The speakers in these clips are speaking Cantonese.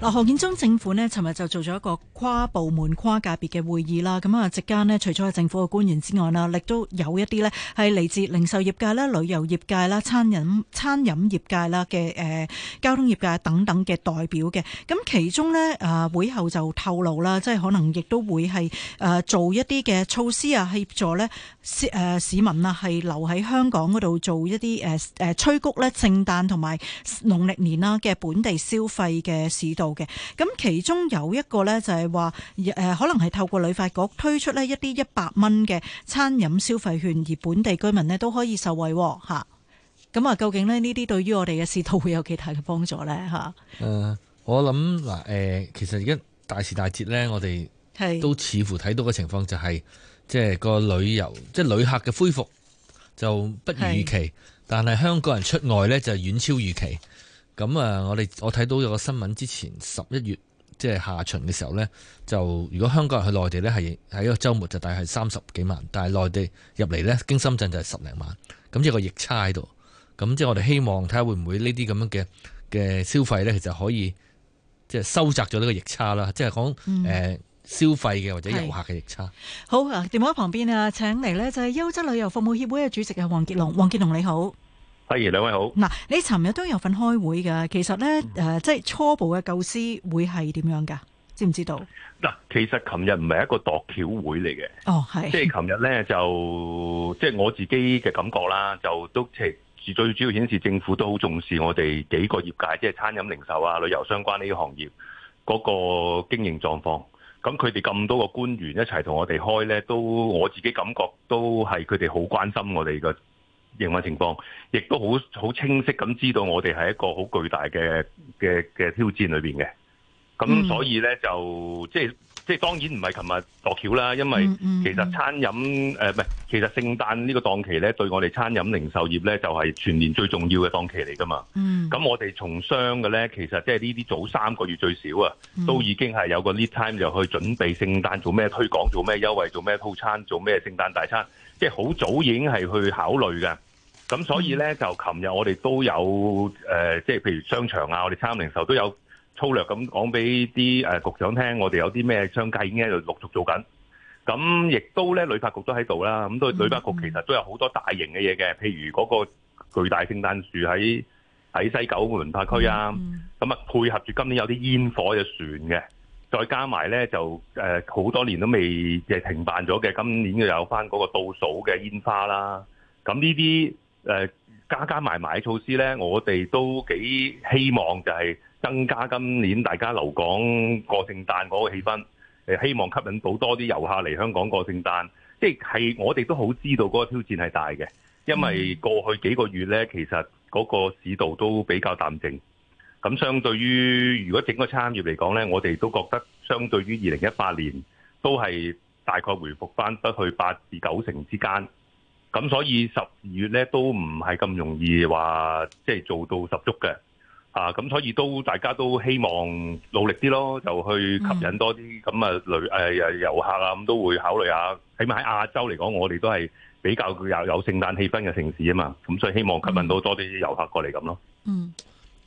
嗱，何建中政府呢，尋日就做咗一個跨部門、跨界別嘅會議啦。咁啊，席間呢，除咗係政府嘅官員之外啦，亦都有一啲呢，係嚟自零售業界啦、旅遊業界啦、餐飲餐飲業界啦嘅誒交通業界等等嘅代表嘅。咁其中呢，誒、呃、會後就透露啦，即係可能亦都會係誒、呃、做一啲嘅措施啊，協助呢市、呃、市民啊，係留喺香港嗰度做一啲誒誒催谷咧聖誕同埋農曆年啦嘅本地消費嘅市道。嘅，咁其中有一個咧，就係話誒，可能係透過旅發局推出呢一啲一百蚊嘅餐飲消費券，而本地居民呢都可以受惠嚇。咁啊，究竟咧呢啲對於我哋嘅市道會有幾大嘅幫助呢？嚇？誒，我諗嗱誒，其實而家大時大節呢，我哋都似乎睇到嘅情況就係、是，即係個旅遊即係、就是、旅客嘅恢復就不如預期，但係香港人出外呢，就遠超預期。咁啊，我哋我睇到有個新聞，之前十一月即係下旬嘅時候呢，就如果香港人去內地呢，係喺一個週末就大概三十幾萬，但係內地入嚟呢，經深圳就係十零萬，咁即係個逆差喺度。咁即係我哋希望睇下會唔會呢啲咁樣嘅嘅消費呢，其實可以即係收窄咗呢個逆差啦。即係講誒消費嘅或者遊客嘅逆差。好啊，電話旁邊啊，請嚟呢就係優質旅遊服務協會嘅主席啊，黃傑龍，黃傑龍你好。不如兩位好嗱，你尋日都有份開會㗎，其實咧誒、嗯呃，即係初步嘅構思會係點樣㗎？知唔知道？嗱，其實尋日唔係一個度橋會嚟嘅，哦，係，即係尋日咧就即係、就係、我自己嘅感覺啦，就都即係最主要顯示政府都好重視我哋幾個業界，即係餐飲零售啊、旅遊相關呢啲行業嗰、嗰個經營狀況。咁佢哋咁多個官員一齊同我哋開咧，都我自己感覺都係佢哋好關心我哋嘅。營運情況，亦都好好清晰咁知道，我哋係一個好巨大嘅嘅嘅挑戰裏邊嘅。咁所以呢，嗯、就即係即係，當然唔係琴日落橋啦。因為其實餐飲誒唔係，其實聖誕呢個檔期呢，對我哋餐飲零售業呢，就係、是、全年最重要嘅檔期嚟噶嘛。咁、嗯、我哋從商嘅呢，其實即係呢啲早三個月最少啊，嗯、都已經係有個 lead time 就去準備聖誕做咩推廣，做咩優惠，做咩套餐，做咩聖誕大餐。即係好早已經係去考慮嘅，咁所以咧就琴日我哋都有誒，即、呃、係譬如商場啊，我哋參零售都有粗略咁講俾啲誒局長聽我，我哋有啲咩商界已經喺度陸續做緊。咁亦都咧，旅發局都喺度啦，咁都旅發局其實都有好多大型嘅嘢嘅，譬如嗰個巨大聖誕樹喺喺西九文化區啊，咁、嗯、啊、嗯、配合住今年有啲煙火嘅船嘅。再加埋呢，就誒好多年都未停辦咗嘅，今年又有翻嗰個倒數嘅煙花啦。咁呢啲誒加加埋埋嘅措施呢，我哋都幾希望就係增加今年大家留港過聖誕嗰個氣氛，呃，希望吸引到多啲遊客嚟香港過聖誕。即係我哋都好知道嗰個挑戰係大嘅，因為過去幾個月呢，其實嗰個市道都比較淡靜。咁相對於如果整個產業嚟講咧，我哋都覺得相對於二零一八年都係大概回復翻得去八至九成之間，咁所以十二月咧都唔係咁容易話即係做到十足嘅。啊，咁所以都大家都希望努力啲咯，就去吸引多啲咁，啊旅誒遊客啊，咁都會考慮下。起碼喺亞洲嚟講，我哋都係比較有有聖誕氣氛嘅城市啊嘛。咁所以希望吸引到多啲遊客過嚟咁咯。嗯。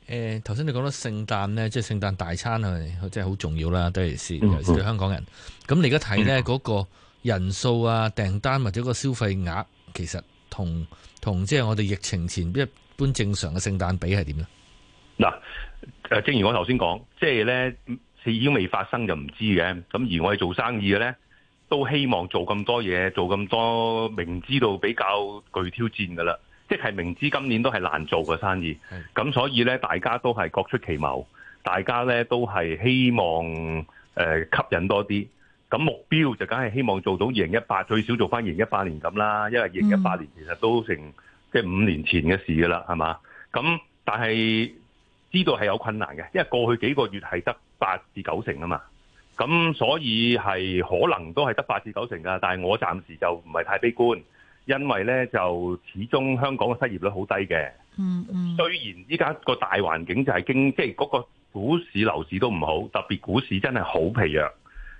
誒，頭先你講到聖誕咧，即係聖誕大餐啊，即係好重要啦，都係先尤其是對香港人。咁、嗯、你而家睇咧嗰個人數啊、訂單、啊、或者個消費額，其實同同即係我哋疫情前一般正常嘅聖誕比係點咧？嗱，誒，正如我頭先講，即係咧，事已經未發生就唔知嘅。咁而我哋做生意嘅咧，都希望做咁多嘢，做咁多，明知道比較具挑戰噶啦。即係明知今年都係難做嘅生意，咁所以咧，大家都係各出奇謀，大家咧都係希望誒、呃、吸引多啲，咁目標就梗係希望做到二零一八，最少做翻二零一八年咁啦，因為二零一八年其實都成、嗯、即係五年前嘅事噶啦，係嘛？咁但係知道係有困難嘅，因為過去幾個月係得八至九成啊嘛，咁所以係可能都係得八至九成噶，但係我暫時就唔係太悲觀。因為咧就始終香港嘅失業率好低嘅，嗯嗯。雖然依家個大環境就係經即係嗰個股市樓市都唔好，特別股市真係好疲弱，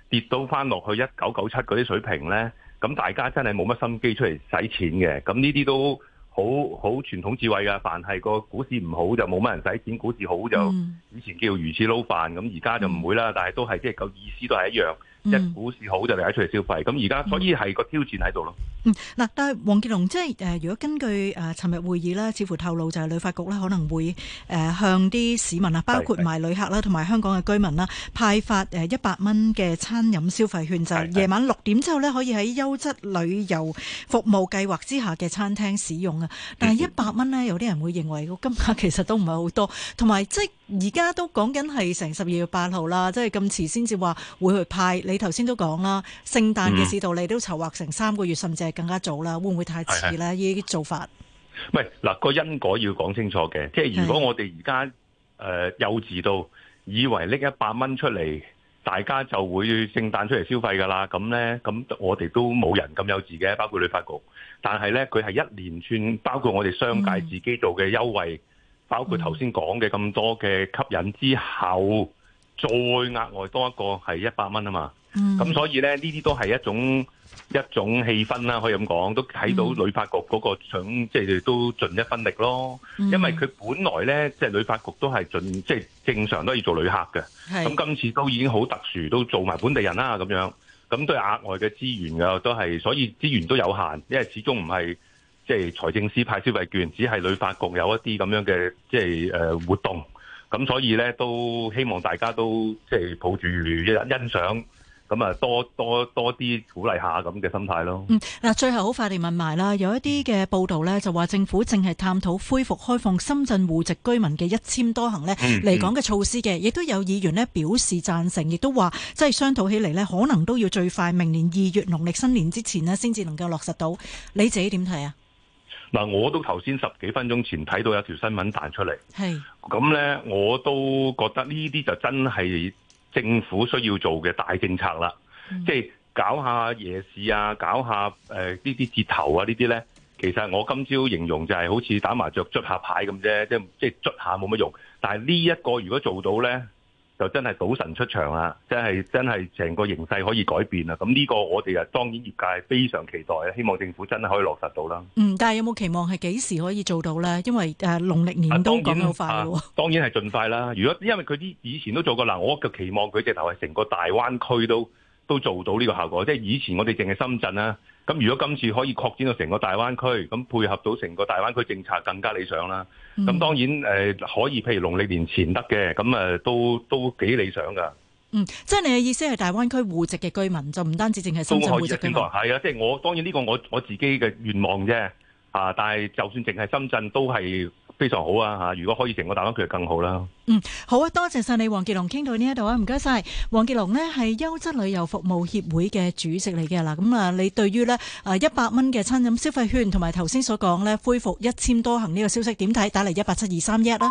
跌到翻落去一九九七嗰啲水平咧，咁大家真係冇乜心機出嚟使錢嘅。咁呢啲都好好傳統智慧噶，凡係個股市唔好就冇乜人使錢，股市好就以前叫魚翅撈飯咁，嗯、而家就唔會啦。但係都係即係個意思，都係一樣。一股市好就嚟睇出嚟消費，咁而家所以係個挑戰喺度咯。嗯，嗱，但係黃傑龍即係誒，如果根據誒尋日會議啦，似乎透露就係旅發局咧可能會誒、呃、向啲市民啊，包括埋旅客啦，同埋香港嘅居民啦、嗯，派發誒一百蚊嘅餐飲消費券，嗯、就係夜晚六點之後咧可以喺優質旅遊服務計劃之下嘅餐廳使用啊、嗯。但係一百蚊咧，有啲人會認為個金額其實都唔係好多，同埋即係而家都講緊係成十二月八號啦，即係咁遲先至話會去派你。你頭先都講啦，聖誕嘅市道你都籌劃成三個月，嗯、甚至係更加早啦，會唔會太遲咧？呢啲做法，喂嗱、嗰個因果要講清楚嘅。即係如果我哋而家誒幼稚到以為拎一百蚊出嚟，大家就會聖誕出嚟消費㗎啦。咁咧，咁我哋都冇人咁幼稚嘅，包括旅發局。但係咧，佢係一連串，包括我哋商界自己度嘅優惠，嗯、包括頭先講嘅咁多嘅吸引之後、嗯，再額外多一個係一百蚊啊嘛。咁、嗯、所以咧，呢啲都係一種一種氣氛啦，可以咁講，都睇到旅發局嗰個想，嗯、即係都盡一分力咯。因為佢本來咧，即係旅發局都係盡，即係正常都要做旅客嘅。咁今次都已經好特殊，都做埋本地人啦咁樣，咁都係額外嘅資源㗎，都係所以資源都有限，因為始終唔係即係財政司派消費券，只係旅發局有一啲咁樣嘅即係誒、呃、活動。咁所以咧，都希望大家都即係抱住一欣賞。咁啊，多多多啲鼓勵下咁嘅心態咯。嗯，嗱，最後好快地問埋啦，有一啲嘅報道咧，就話政府正係探討恢復開放深圳戶籍居民嘅一簽多行咧，嚟講嘅措施嘅，亦都有議員咧表示贊成，亦都話即係商討起嚟咧，可能都要最快明年二月農曆新年之前咧，先至能夠落實到。你自己點睇啊？嗱、嗯，我都頭先十幾分鐘前睇到有條新聞彈出嚟，係咁咧，我都覺得呢啲就真係。政府需要做嘅大政策啦，即、嗯、係、就是、搞下夜市啊，搞下誒呢啲折頭啊呢啲呢啲咧，其實我今朝形容就係好似打麻雀捽下牌咁啫，即係即係捽下冇乜用，但係呢一個如果做到咧。就真係賭神出場啦！真係真係成個形勢可以改變啦！咁呢個我哋啊當然業界非常期待啊，希望政府真係可以落實到啦。嗯，但係有冇期望係幾時可以做到咧？因為誒農曆年都咁樣快喎、啊，當然係、啊、盡快啦！如果因為佢啲以前都做過嗱，我嘅期望佢直頭係成個大灣區都。都做到呢個效果，即係以前我哋淨係深圳啦。咁如果今次可以擴展到成個大灣區，咁配合到成個大灣區政策更加理想啦。咁當然可以，譬如農曆年前得嘅，咁都都幾理想㗎。嗯，即係你嘅意思係大灣區戶籍嘅居民就唔單止淨係深圳戶籍嘅？係啊，即係我當然呢個我我自己嘅願望啫啊！但係就算淨係深圳都係。非常好啊，吓，如果可以成個大單佢就更好啦。嗯，好啊，多謝晒你，黃傑龍傾到呢一度啊，唔該晒，黃傑龍呢係優質旅遊服務協會嘅主席嚟嘅啦。咁啊，你對於呢啊一百蚊嘅餐飲消費券同埋頭先所講呢恢復一千多行呢個消息點睇？打嚟一八七二三一啦。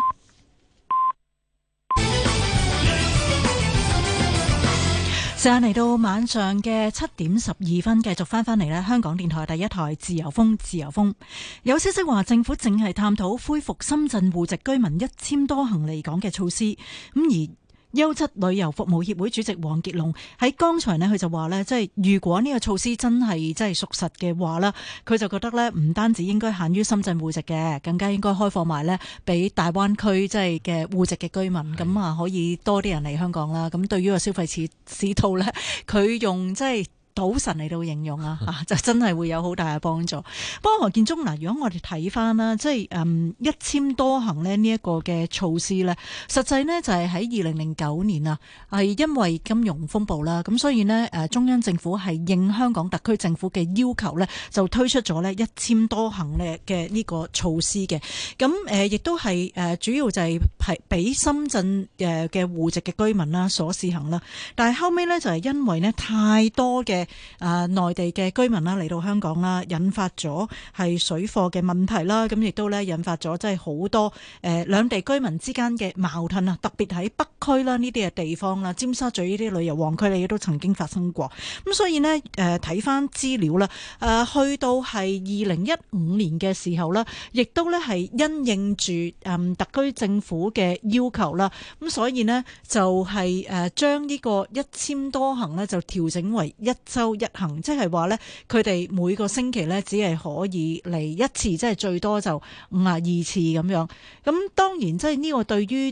時間嚟到晚上嘅七點十二分，繼續翻返嚟呢香港電台第一台自由風，自由風。有消息話政府正係探討恢復深圳戶籍居民一簽多行嚟港嘅措施，咁而。優質旅遊服務協會主席黃傑龍喺剛才呢，佢就話呢，即係如果呢個措施真係即係屬實嘅話呢，佢就覺得呢，唔單止應該限於深圳戶籍嘅，更加應該開放埋呢，俾大灣區即係嘅戶籍嘅居民，咁啊可以多啲人嚟香港啦。咁對於個消費市市道咧，佢用即係。賭神嚟到應用、嗯、啊，就真係會有好大嘅幫助。不過何建忠嗱，如果我哋睇返啦，即係誒、嗯、一簽多行咧呢一個嘅措施咧，實際呢就係喺二零零九年啊，係因為金融風暴啦，咁所以呢，誒中央政府係應香港特區政府嘅要求咧，就推出咗呢一簽多行咧嘅呢個措施嘅。咁誒亦都係誒、呃、主要就係係俾深圳誒嘅戶籍嘅居民啦所施行啦。但係後尾呢，就係因為呢太多嘅。啊，內地嘅居民啦嚟到香港啦，引發咗係水貨嘅問題啦，咁亦都咧引發咗真係好多誒兩地居民之間嘅矛盾啊！特別喺北區啦呢啲嘅地方啦，尖沙咀呢啲旅遊旺區呢，亦都曾經發生過。咁所以呢，誒睇翻資料啦，誒去到係二零一五年嘅時候啦，亦都咧係因應住誒特區政府嘅要求啦，咁所以呢，就係誒將呢個一簽多行呢，就調整為一周一行，即係話咧，佢哋每個星期咧只係可以嚟一次，即係最多就五啊二次咁樣。咁當然，即係呢個對於誒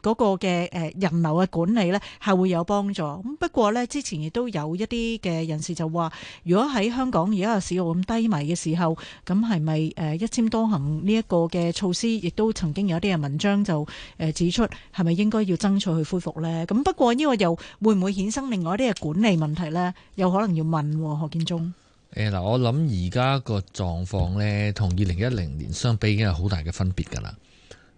嗰個嘅誒人流嘅管理咧係會有幫助。咁不過咧，之前亦都有一啲嘅人士就話，如果喺香港而家個市道咁低迷嘅時候，咁係咪誒一簽多行呢一個嘅措施，亦都曾經有一啲嘅文章就誒指出，係咪應該要爭取去恢復咧？咁不過呢個又會唔會衍生另外一啲嘅管理問題咧？可能要問何建忠。誒、欸、嗱，我諗而家個狀況呢，同二零一零年相比已經有好大嘅分別㗎啦。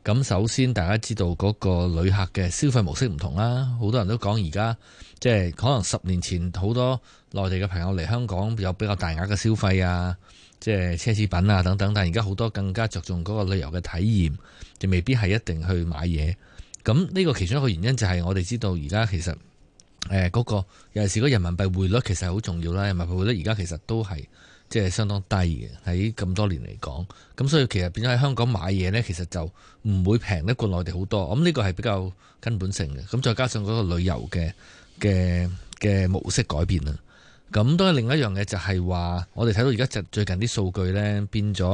咁首先，大家知道嗰個旅客嘅消費模式唔同啦，好多人都講而家即係可能十年前好多內地嘅朋友嚟香港有比較大額嘅消費啊，即係奢侈品啊等等。但係而家好多更加着重嗰個旅遊嘅體驗，就未必係一定去買嘢。咁呢個其中一個原因就係我哋知道而家其實。誒、呃、嗰、那個尤其係嗰人民幣匯率其實好重要啦，人民幣匯率而家其實都係即係相當低嘅，喺咁多年嚟講，咁所以其實變咗喺香港買嘢呢，其實就唔會平得過內地好多，咁呢個係比較根本性嘅，咁再加上嗰個旅遊嘅嘅嘅模式改變啦。咁都係另一樣嘢，就係話我哋睇到而家就最近啲數據呢變咗，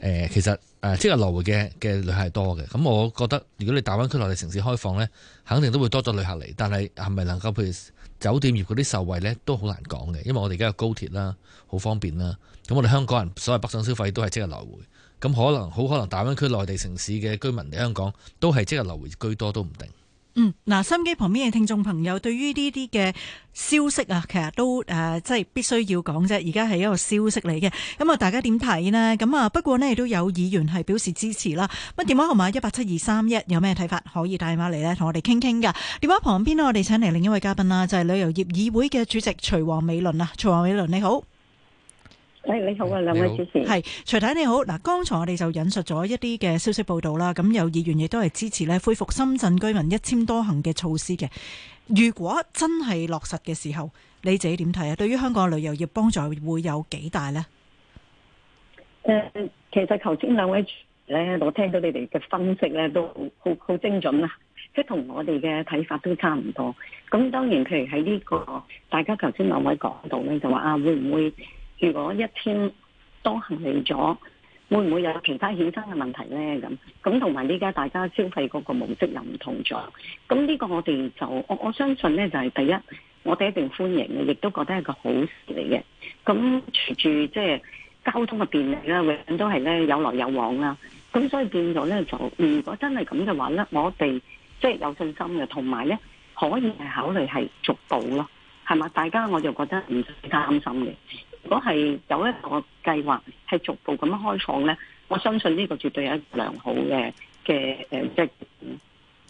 呃，其實即日來回嘅嘅旅客多嘅。咁我覺得如果你大灣區內地城市開放呢，肯定都會多咗旅客嚟。但係係咪能夠譬如酒店業嗰啲受惠呢？都好難講嘅，因為我哋而家有高鐵啦，好方便啦。咁我哋香港人所謂北上消費都係即日來回。咁可能好可能大灣區內地城市嘅居民嚟香港都係即日來回居多都唔定。嗯，嗱，心機旁邊嘅聽眾朋友，對於呢啲嘅消息啊，其實都誒，即、呃、係必須要講啫。而家係一個消息嚟嘅，咁啊，大家點睇呢？咁啊，不過呢亦都有議員係表示支持啦。乜電話號碼一八七二三一，187231, 有咩睇法可以帶埋嚟咧？同我哋傾傾噶。電話旁邊呢，我哋請嚟另一位嘉賓啦，就係、是、旅遊業議會嘅主席徐王美倫啦。徐王美倫你好。誒，你好啊，兩位主持，係徐太太你好。嗱，剛才我哋就引述咗一啲嘅消息報道啦。咁有議員亦都係支持咧恢復深圳居民一簽多行嘅措施嘅。如果真係落實嘅時候，你自己點睇啊？對於香港嘅旅遊業幫助會有幾大呢？誒、呃，其實頭先兩位咧，我聽到你哋嘅分析咧都好好精準啊，即係同我哋嘅睇法都差唔多。咁當然，譬如喺呢個大家頭先兩位講到咧，就話啊，會唔會？如果一天多行嚟咗，會唔會有其他衍生嘅問題呢？咁咁同埋，依家大家消費嗰個模式又唔同咗，咁呢個我哋就我我相信呢就係第一，我哋一定歡迎嘅，亦都覺得係個好事嚟嘅。咁隨住即係交通嘅便利啦，永遠都係呢有來有往啦。咁所以變咗呢，就如果真係咁嘅話呢，我哋即係有信心嘅，同埋呢可以考慮係逐步咯，係咪？大家我就覺得唔使擔心嘅。如果係有一個計劃，係逐步咁開放咧，我相信呢個絕對有一良好嘅嘅誒，即係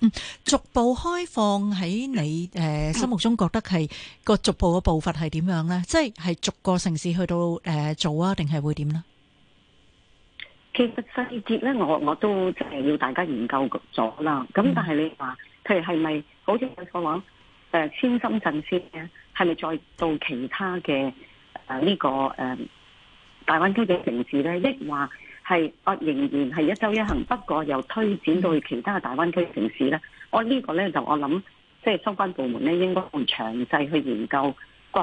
嗯，逐步開放喺你誒、呃、心目中覺得係個、嗯、逐步嘅步伐係點樣咧？即係係逐個城市去到誒、呃、做啊，定係會點咧？其實細節咧，我我都誒、呃、要大家研究咗啦。咁但係你話譬如係咪好似有個話誒先深圳先咧，係咪再到其他嘅？呢、這個、呃、大灣區嘅城市咧，亦話係我仍然係一週一行，不過又推展到其他大灣區嘅城市咧。我這個呢個咧就我諗，即係相關部門咧應該會詳細去研究個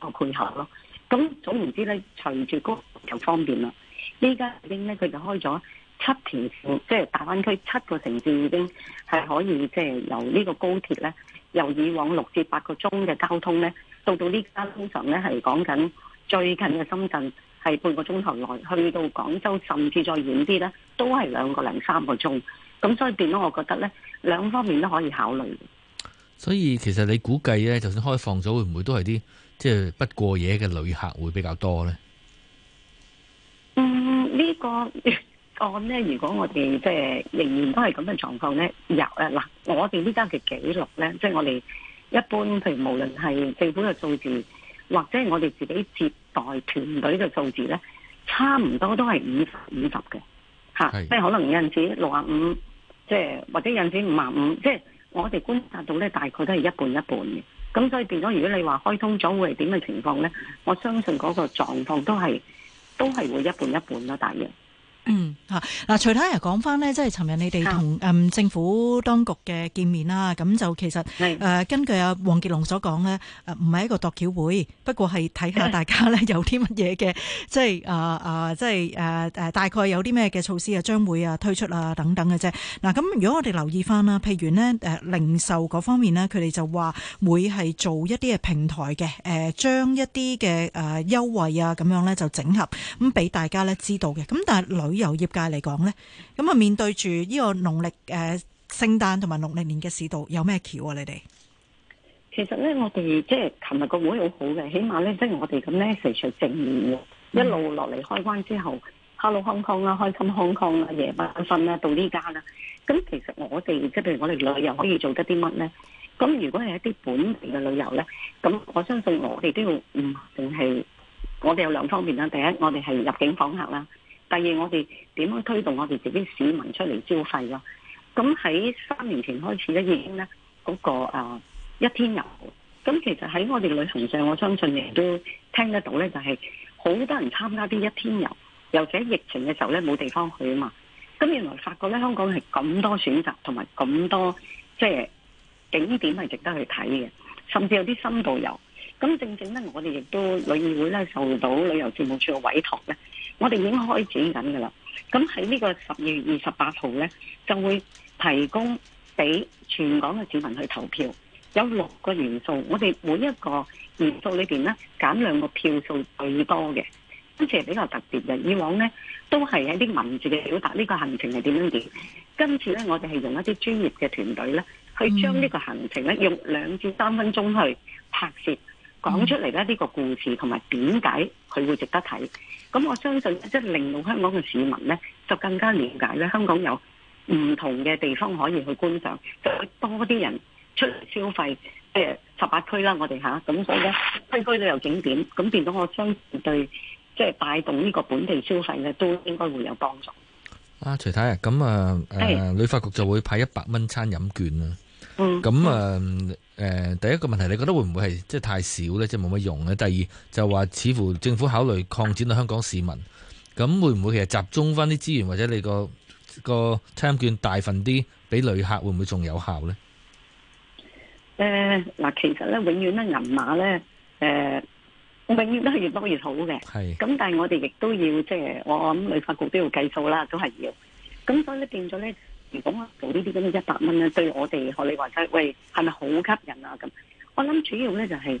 配合咯。咁總言之咧，隨住高又方便啦。呢家已經咧，佢就開咗七條線，即、就、係、是、大灣區七個城市已經係可以即係、就是、由呢個高鐵咧，由以往六至八個鐘嘅交通咧，到到呢家通常咧係講緊。最近嘅深圳係半個鐘頭內去到廣州，甚至再遠啲咧，都係兩個零三個鐘。咁所以變咗我覺得咧，兩方面都可以考慮。所以其實你估計咧，就算開放咗，會唔會都係啲即係不過夜嘅旅客會比較多咧？嗯，呢個案咧，如果我哋即係仍然都係咁嘅狀況咧，有誒嗱，我哋呢家嘅記錄咧，即係我哋一般譬如無論係政府嘅數字。或者我哋自己接待團隊嘅數字呢，差唔多都係五十五十嘅，即可能有陣時六啊五，即或者有陣時五十五，即係我哋觀察到呢，大概都係一半一半嘅。咁所以變咗，如果你話開通咗會係點嘅情況呢？我相信嗰個狀況都係都係會一半一半啦，大約。嗯吓，嗱，徐太又講翻呢，即係尋日你哋同誒政府當局嘅見面啦。咁就其實係根據阿黃傑龍所講呢，誒唔係一個度橋會，不過係睇下大家呢有啲乜嘢嘅，即係誒即係誒大概有啲咩嘅措施啊，將會啊推出啊等等嘅啫。嗱，咁如果我哋留意翻啦，譬如呢零售嗰方面呢，佢哋就話會係做一啲嘅平台嘅，將一啲嘅誒優惠啊咁樣咧就整合咁俾大家咧知道嘅。咁但係女旅遊業界嚟講咧，咁啊面對住呢個農曆誒聖誕同埋農曆年嘅市道，有咩橋啊？你哋其實咧，我哋即係琴日個會好好嘅，起碼咧，即係我哋咁咧，隨隨正面一路落嚟開關之後，嗯，Hello Hong Kong 啦，開心 Hong Kong 啦，夜晚瞓啦，到呢家啦。咁其實我哋即係譬如我哋旅遊可以做得啲乜咧？咁如果係一啲本地嘅旅遊咧，咁我相信我哋都要嗯，淨係我哋有兩方面啦。第一，我哋係入境訪客啦。第二，我哋點樣推動我哋自己市民出嚟消費咯？咁喺三年前開始咧已經咧嗰、那個、啊、一天遊，咁其實喺我哋旅行社，我相信亦都聽得到咧，就係、是、好多人參加啲一天遊，尤其疫情嘅時候咧，冇地方去啊嘛。咁原來發覺咧，香港係咁多選擇同埋咁多即係、就是、景點係值得去睇嘅，甚至有啲深度遊。咁正正咧，我哋亦都旅議會咧受到旅遊事務處嘅委託咧。我哋已經開始緊噶啦，咁喺呢個十二月二十八號呢，就會提供俾全港嘅市民去投票，有六個元素，我哋每一個元素裏邊呢，揀兩個票數最多嘅，今次係比較特別嘅，以往呢都係喺啲文字嘅表達，呢個行程係點樣點，今次呢，我哋係用一啲專業嘅團隊呢，去將呢個行程呢用兩至三分鐘去拍攝。講、嗯、出嚟咧，呢個故事同埋點解佢會值得睇，咁我相信即係令到香港嘅市民呢，就更加了解咧，香港有唔同嘅地方可以去觀賞，就會多啲人出嚟消費，誒、呃，十八區啦，我哋吓，咁、啊、所以咧，區區都有景點，咁變到我相對即係帶動呢個本地消費呢，都應該會有幫助。阿徐生徐太，咁啊，誒，旅、啊、發、呃呃、局就會派一百蚊餐飲券啊，嗯，咁、嗯、啊。誒、呃，第一個問題，你覺得會唔會係即係太少咧，即係冇乜用咧？第二就話似乎政府考慮擴展到香港市民，咁會唔會其實集中翻啲資源，或者你個、嗰個、嗰個餐券大份啲，俾旅客會唔會仲有效咧？誒，嗱，其實咧，永遠咧銀碼咧，誒、呃，永遠都係越多越好嘅。係。咁但係我哋亦都要即係，我諗旅發局都要計數啦，都係要。咁所以咧，變咗咧。如果做呢啲咁嘅一百蚊咧，對我哋學你話齋，喂，係咪好吸引啊？咁我諗主要咧就係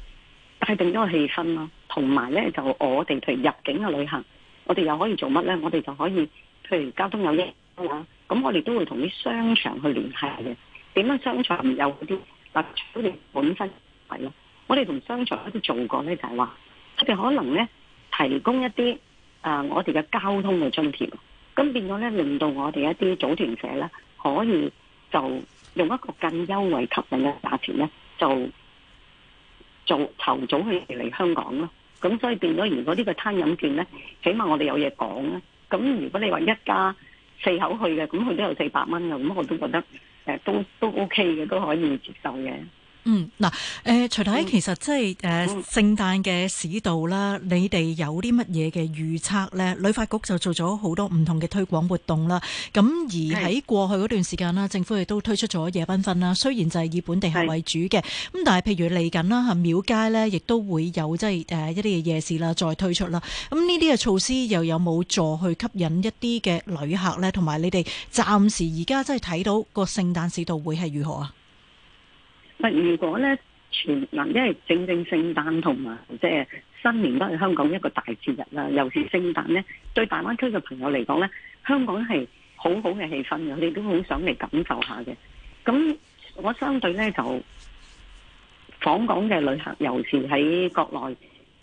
帶定咗個氣氛咯、啊，同埋咧就我哋譬如入境嘅旅行，我哋又可以做乜咧？我哋就可以譬如交通有益，啊，咁我哋都會同啲商場去聯繫下嘅。點樣商場有嗰啲？嗱，如果本身係咯，我哋同商場一啲做過咧，就係話佢哋可能咧提供一啲啊、呃，我哋嘅交通嘅津貼。咁變咗咧，令到我哋一啲組團社咧，可以就用一個更優惠吸引嘅價錢咧，就做籌組去嚟香港咯。咁所以變咗，如果呢個餐飲券咧，起碼我哋有嘢講啦。咁如果你話一家四口去嘅，咁佢都有四百蚊啦，咁我都覺得誒都都 OK 嘅，都可以接受嘅。嗯，嗱、呃，誒，徐太，其實即係誒聖誕嘅市道啦，嗯、你哋有啲乜嘢嘅預測咧？旅發局就做咗好多唔同嘅推廣活動啦。咁而喺過去嗰段時間啦，政府亦都推出咗夜繽紛啦。雖然就係以本地客為主嘅，咁但係譬如嚟緊啦，吓，廟街咧，亦都會有即係誒一啲嘅夜市啦，再推出啦。咁呢啲嘅措施又有冇助去吸引一啲嘅旅客咧？同埋你哋暫時而家真係睇到個聖誕市道會係如何啊？如果咧全嗱，因為正正聖誕同埋即係新年都係香港一個大節日啦。尤其聖誕咧，對大灣區嘅朋友嚟講咧，香港係好好嘅氣氛嘅，佢哋都好想嚟感受下嘅。咁我相對咧就訪港嘅旅客，尤其喺國內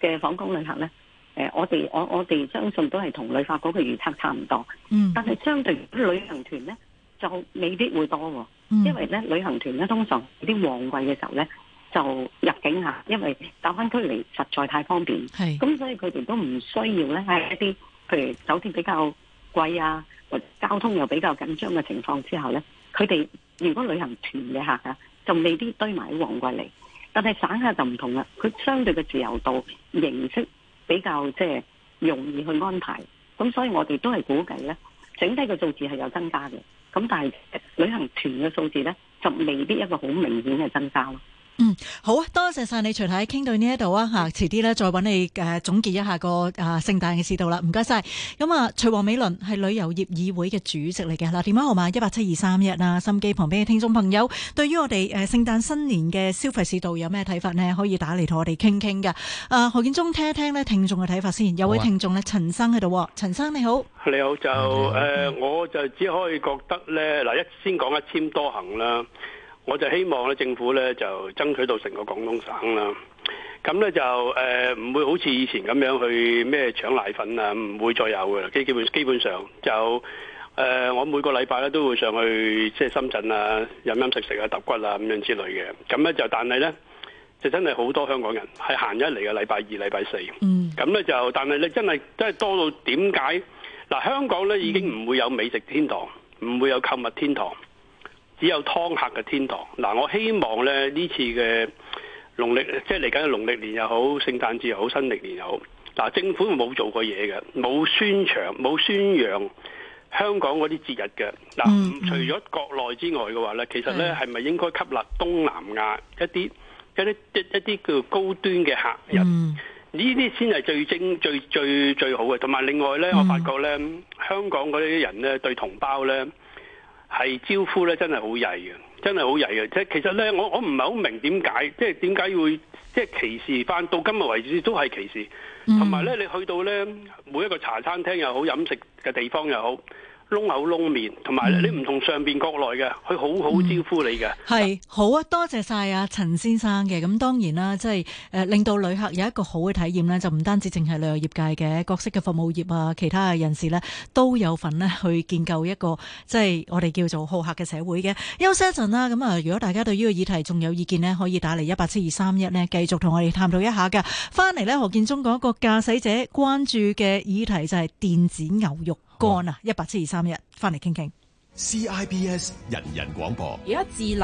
嘅訪港旅客咧，我哋我我哋相信都係同旅發局嘅預測差唔多。嗯。但係相對旅行團咧，就未必會多喎，因為咧旅行團咧通常啲旺季嘅時候咧就入境客，因為搭翻區嚟實在太方便，咁所以佢哋都唔需要咧喺一啲譬如酒店比較貴啊，或者交通又比較緊張嘅情況之下咧，佢哋如果旅行團嘅客啊，就未必堆埋喺旺季嚟。但係散客就唔同啦，佢相對嘅自由度形式比較即係容易去安排，咁所以我哋都係估計咧，整體嘅數字係有增加嘅。咁但係旅行團嘅數字呢，就未必一個好明顯嘅增加咯。嗯，好啊，多謝晒你徐太傾到呢一度啊，吓，遲啲咧再搵你嘅、呃、總結一下個啊聖誕嘅市道啦，唔該晒。咁、嗯、啊，徐王美倫係旅遊業議會嘅主席嚟嘅，嗱、啊，電話號碼一八七二三一啊，心機旁邊嘅聽眾朋友，對於我哋誒聖誕新年嘅消費市道有咩睇法呢？可以打嚟同我哋傾傾噶。啊，何建忠聽一聽呢聽眾嘅睇法先。有位聽眾咧，陳、啊、生喺度，陳生你好，你好就誒、嗯呃，我就只可以覺得呢嗱一先講一簽多行啦。我就希望咧，政府咧就爭取到成個廣東省啦。咁咧就誒，唔、呃、會好似以前咁樣去咩搶奶粉啊，唔會再有嘅。基基本基本上就誒、呃，我每個禮拜咧都會上去即係深圳啊，飲飲食食啊，揼骨啊咁樣之類嘅。咁咧就，但係咧就真係好多香港人係行咗嚟嘅，禮拜二、禮拜四。嗯。咁咧就，但係你真係真係多到點解嗱？香港咧、嗯、已經唔會有美食天堂，唔會有購物天堂。只有劏客嘅天堂嗱、啊，我希望咧呢次嘅農曆即係嚟緊嘅農曆年又好，聖誕節又好，新歷年又好，嗱、啊、政府冇做過嘢嘅，冇宣傳，冇宣揚香港嗰啲節日嘅嗱、啊。除咗國內之外嘅話咧，其實咧係咪應該吸納東南亞一啲一啲一啲叫高端嘅客人？呢啲先係最精最最最好嘅。同埋另外咧、嗯，我發覺咧，香港嗰啲人咧對同胞咧。係招呼咧，真係好曳嘅，真係好曳嘅。即係其實咧，我我唔係好明點解，即係點解會，即係歧，歧視翻？嗯？到今日為止都係歧視，同埋咧，你去到咧每一個茶餐廳又好，飲食嘅地方又好。窿口窿面，同埋你唔同上邊國內嘅，佢好好招呼你嘅。係、嗯啊、好啊，多謝晒啊，陳先生嘅。咁當然啦，即、就、係、是呃、令到旅客有一個好嘅體驗呢，就唔單止淨係旅遊業界嘅各式嘅服務業啊，其他嘅人士呢，都有份呢去建構一個即係、就是、我哋叫做好客嘅社會嘅。休息一陣啦，咁啊，如果大家對呢個議題仲有意見呢，可以打嚟一八七二三一呢，繼續同我哋探討一下嘅。翻嚟呢，何建中講一個駕駛者關注嘅議題就係電子牛肉。乾啊！187231，聊一八七二三一，翻嚟傾傾 CIBS 人人廣播。而家智能。